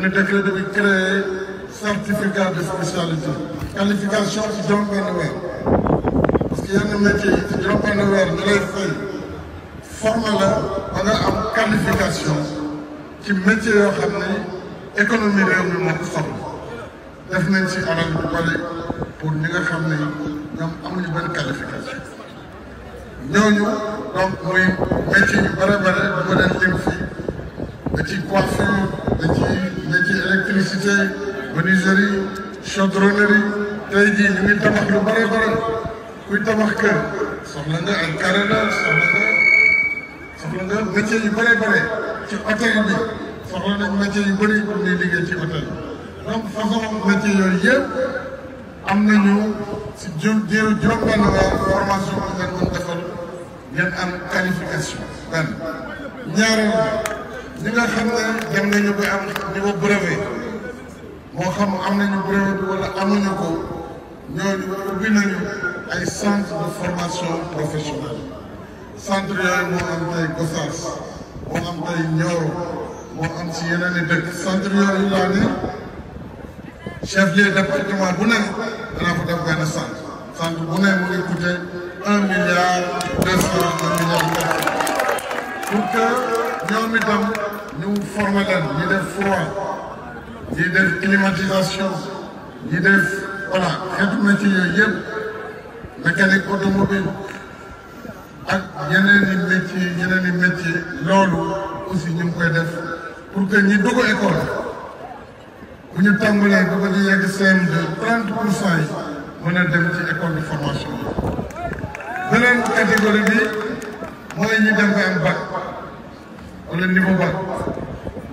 benn décret bi créé certificat de spécialité qualification ci juróom benn weer parce que yenn métier ci juróom benn weer ñu lay fay former am qualification ci métier yoo xam ne économie réew mi moo ko soxla def nañ ci alal bu bari pour ñi nga xam ne ñoom amuñu benn qualification ñooñu donc muy métier bare bare chaudronnerie tey jii ñu ngi tabax lu bare bare kuy tabax kër soxla nga ay carreleur soxla nga soxla nga métier yu bare bare ci hôtel bi soxla nañ métier yu bëri pour ñuy liggéey ci hôtel donc façon métier yooyu yëpp am nañu am qualification benn moo xam am nañu brevet bi wala amuñu ko ñooñu ubbi nañu ay centre de formation professionnelle centre yooyu moo am tey Gossas moo am tey Nioro moo am ci yeneen i dëkk centre yooyu laa ne chef lieu département bu ne danaa fa centre bu ne mu ngi coûté un milliard deux cent un milliard pour que ñoom itam ñu former leen ñu def froid ñi def climatisation ñi def voilà xeetu na ci yooyu yëpp mécanique ak yeneen i métier yeneen i métier loolu aussi ñu ngi koy def pour que ñi dugg école bu ñu tàmbalee ba ba yegg seen de trente pour cent yi a dem ci école de formation bi. beneen mooy ñi dem ba am bac wala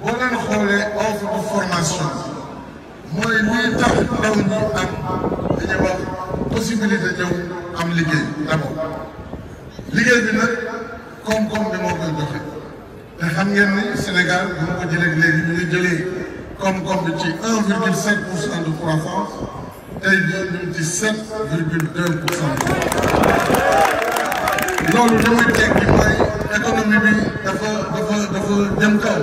boo leen xoolee offre de formation mooy luy tax ndaw ñi am dañuy wax possibilité ñëw am liggéey d'abord liggéey bi nag koom-koom bi moo koy joxe te xam ngeen ni Sénégal bu ma ko jëlee léegi ñu ngi jëlee koom-koom bi ci 1,5 pour cent de croissance tey jii ñu ngi ci 7,2 pour cent loolu damay tekki mooy économie bi dafa dafa dafa jëm kaw.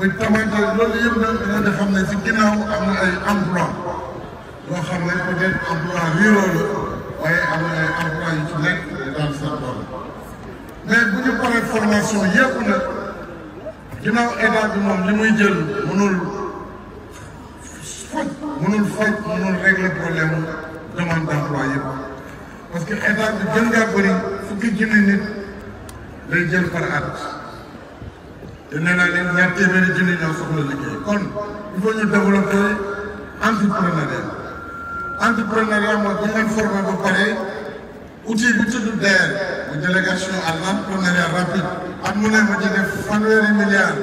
muy permettre loolu yëpp nag dinañu xam ne si ginnaaw am na ay emploi yoo xam ne peut être emploi ruraux la waaye am na ay emploi yu ci nekk dans sa bopp mais bu ñu paree formation yëpp nag ginnaaw état bi moom li muy jël mënul faj mënul faj mënul régler problème demande d' emploi yëpp parce que état bi gën ngaa bëri fukki junni nit lay jël par at. te nee naa leen ñaar téeméeri junni liggéey kon il faut ñu développer entrepreneuriat entrepreneuriat mooy bu ñu leen formé ba pare outil bi DER mu délégation à l'entrepreneuriat rapide at mu ne ma ci fanweeri milliards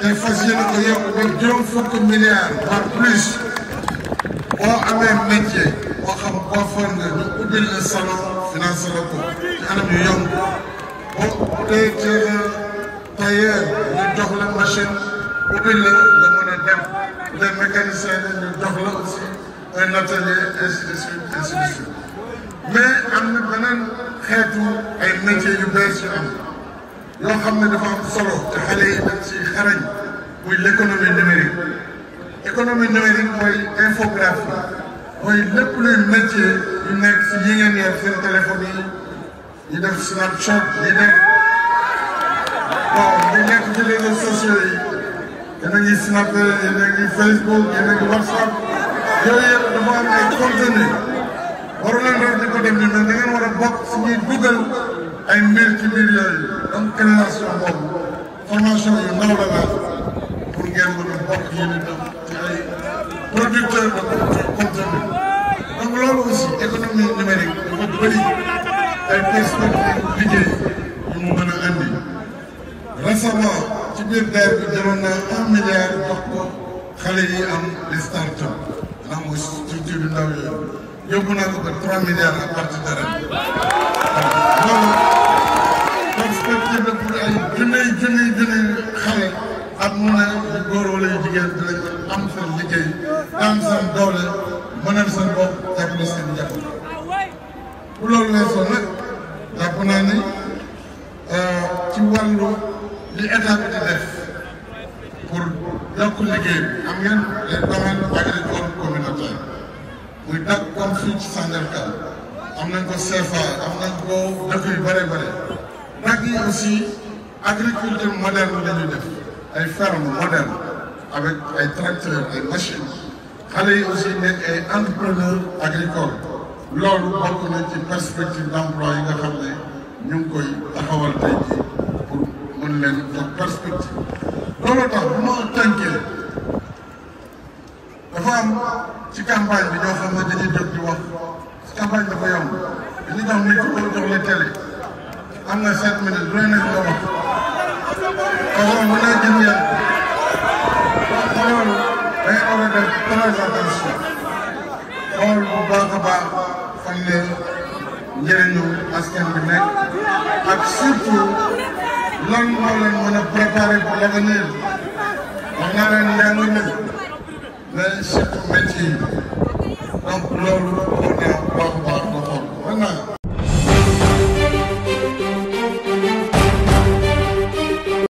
te fas yéene ko yokk ba juróom fukki milliards par plus boo amee métier boo xam boo nga ñu ubbil le salon financé la ko ci anam yu yomb boo dee tailleur ñu jox machine ubbi la nga mën a dem les mécaniciens ñu aussi un atelier ainsi de suite ainsi de suite mais am na beneen xeetu ay métiers yu bees yu am yoo xam ne dafa am solo te xale yi dañ ci xarañ muy l' économie numérique économie numérique mooy infographie mooy lépp luy métier yu nekk si yi ngeen yor seen téléphone yi yi def snapshot yi def ak ci réseaux sociaux yi yéen a ngi Snap yéen a ngi Facebook yéen a ngi WhatsApp yooyu yëpp dafa am ay contenu waru leen doon di ko def ni mais da ngeen war a bokk suñuy dugal ay mbir ci mbir yooyu donc création boobu formation yu ndaw la laaj pour ngeen mën a bokk yéen itam ci ay producteurs de contenu donc loolu aussi économie numérique dafa bëri ay perspectives liggéey yu mu mën a andi recevoir ci biir DER bi jëloon na un milliard jox am les start-up ndax mooy structure yu ndaw yooyu yóbbu naa ko ba trois milliards à partir de ren. loolu perspective la pour ay junniy junniy junniy xale ak mu ne góor wala jigéen dinañ am seen liggéey am seen doole mënal seen bopp jàppale seen njaboot bu loolu weesoo nag jàpp naa ni euh, ci wàllu. li état def pour yokk liggéey bi am ngeen les domaines agricoles muy dak comme fii ci Sangalkam am nañ ko CFA am nañ ko dëkk yu bare bare dak yi aussi agriculture moderne la ñuy def ay ferme moderne avec ay tracteurs ay machines xale yi aussi nekk ay entrepreneur agricole loolu bokk na ci perspective d'emploi yi nga xam ne ñu ngi koy taxawal tey jii wan leen jox perspective loolu tax bu ma tànkee dafa am ci campagne bi ñoo xam ne dañuy jóg di wax campagne dafa yomb dañuy jox micro jox la télé am nga sept minutes lu nekk nga wax te loolu bu nee gis ngeen te loolu day war a def très attention xool bu baax a baax fan la njëriñu askan bi nekk ak surtout. lan moo leen mën a préparer pour l' avenir wax naa leen njàng mi la surtout